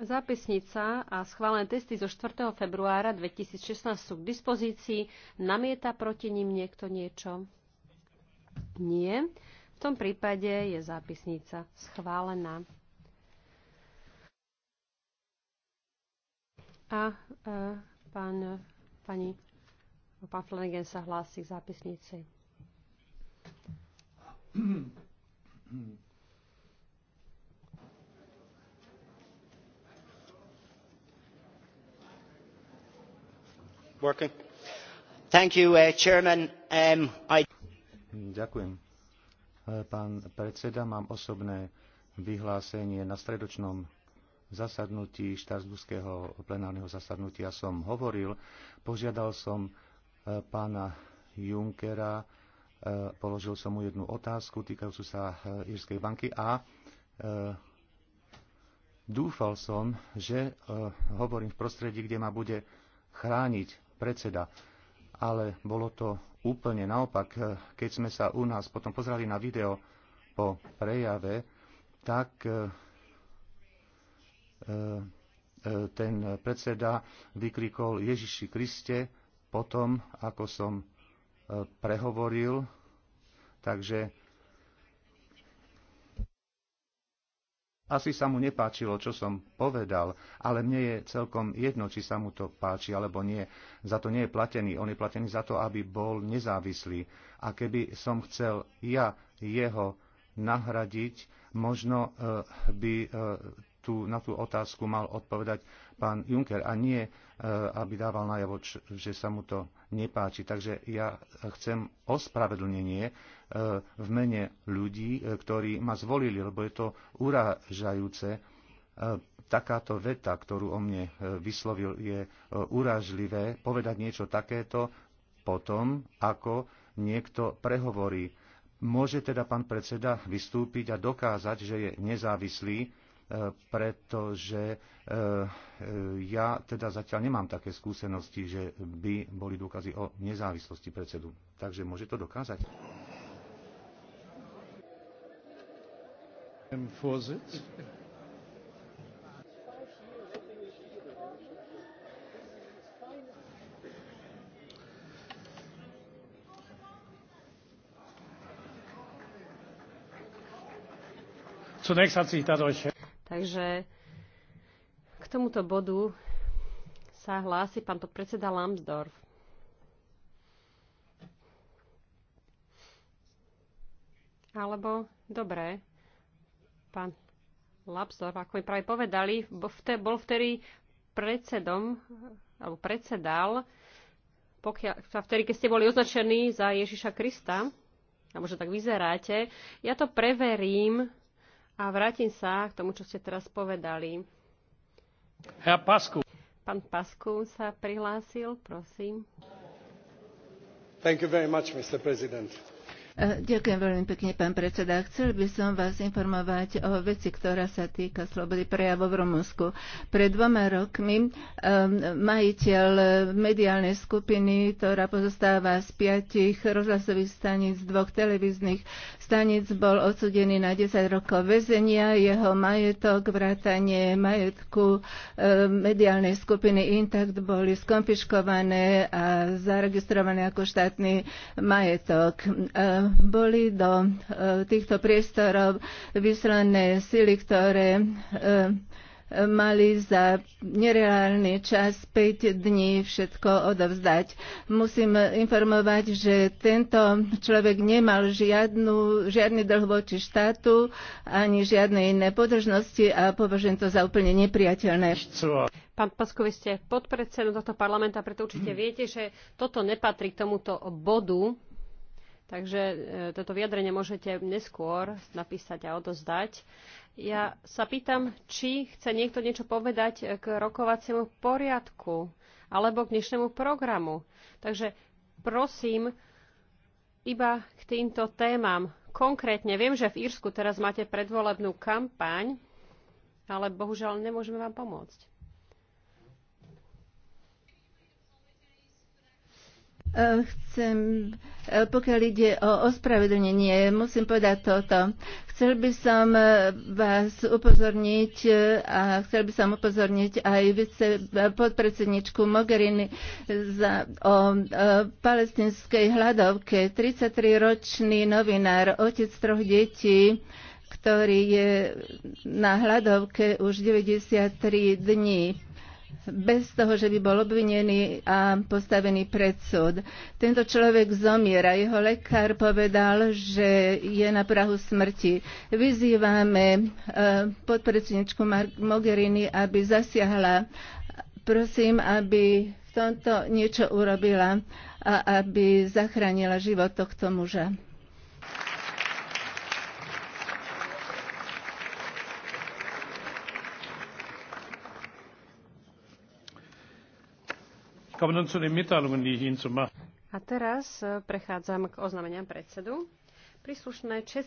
Zápisnica a schválené testy zo 4. februára 2016 sú k dispozícii. Namieta proti ním niekto niečo? Nie. V tom prípade je zápisnica schválená. A e, pán, pani, pán Flanagan sa hlási k zápisnici. Uh, um, uh, pán predseda, mám osobné vyhlásenie na stredočnom zasadnutí štrasburského plenárneho zasadnutia som hovoril. Požiadal som uh, pána Junckera, položil som mu jednu otázku týkajúcu sa Írskej banky a dúfal som, že hovorím v prostredí, kde ma bude chrániť predseda. Ale bolo to úplne naopak. Keď sme sa u nás potom pozrali na video po prejave, tak e, e, ten predseda vykrikol Ježiši Kriste potom, ako som e, prehovoril. Takže Asi sa mu nepáčilo, čo som povedal, ale mne je celkom jedno, či sa mu to páči alebo nie. Za to nie je platený. On je platený za to, aby bol nezávislý. A keby som chcel ja jeho nahradiť, možno eh, by eh, tú, na tú otázku mal odpovedať pán Juncker a nie, e, aby dával najavo, že sa mu to nepáči. Takže ja chcem ospravedlnenie e, v mene ľudí, e, ktorí ma zvolili, lebo je to urážajúce. Takáto veta, ktorú o mne vyslovil, je urážlivé povedať niečo takéto potom, ako niekto prehovorí. Môže teda pán predseda vystúpiť a dokázať, že je nezávislý, pretože eh, ja teda zatiaľ nemám také skúsenosti, že by boli dôkazy o nezávislosti predsedu. Takže môže to dokázať? zunächst hat sich dadurch Takže k tomuto bodu sa hlási pán podpredseda Lambsdorff. Alebo, dobre, pán Lambsdorff, ako mi práve povedali, bol vtedy predsedom, alebo predsedal, pokiaľ, vtedy, keď ste boli označení za Ježiša Krista, alebo že tak vyzeráte, ja to preverím, a vrátim sa k tomu, čo ste teraz povedali. Herr Pasku. Pán Pasku sa prihlásil, prosím. Thank you very much, Mr. President E, ďakujem veľmi pekne, pán predseda. Chcel by som vás informovať o veci, ktorá sa týka slobody prejavu v Rumunsku. Pred dvoma rokmi e, majiteľ mediálnej skupiny, ktorá pozostáva z piatich rozhlasových staníc, dvoch televíznych staníc, bol odsudený na 10 rokov väzenia. Jeho majetok, vrátanie majetku e, mediálnej skupiny Intact boli skonfiškované a zaregistrované ako štátny majetok boli do e, týchto priestorov vyslané sily, ktoré e, mali za nereálny čas 5 dní všetko odovzdať. Musím informovať, že tento človek nemal žiadnu, žiadny dlh voči štátu ani žiadne iné podržnosti a považujem to za úplne nepriateľné. Pán Pasko, vy ste podpredsedom tohto parlamenta, preto určite viete, že toto nepatrí k tomuto bodu Takže e, toto vyjadrenie môžete neskôr napísať a odozdať. Ja sa pýtam, či chce niekto niečo povedať k rokovaciemu poriadku alebo k dnešnému programu. Takže prosím, iba k týmto témam. Konkrétne viem, že v Írsku teraz máte predvolebnú kampaň, ale bohužiaľ nemôžeme vám pomôcť. Chcem, e, pokiaľ ide o ospravedlnenie, musím povedať toto. Chcel by som e, vás upozorniť e, a chcel by som upozorniť aj vice, podpredsedničku Mogherini za, o, o palestinskej hľadovke. 33-ročný novinár, otec troch detí, ktorý je na hľadovke už 93 dní bez toho, že by bol obvinený a postavený pred súd. Tento človek zomiera. Jeho lekár povedal, že je na prahu smrti. Vyzývame eh, podpredsedničku Mogherini, aby zasiahla. Prosím, aby v tomto niečo urobila a aby zachránila život tohto muža. A teraz eh, prechádzam k oznameniam predsedu. Príslušné čes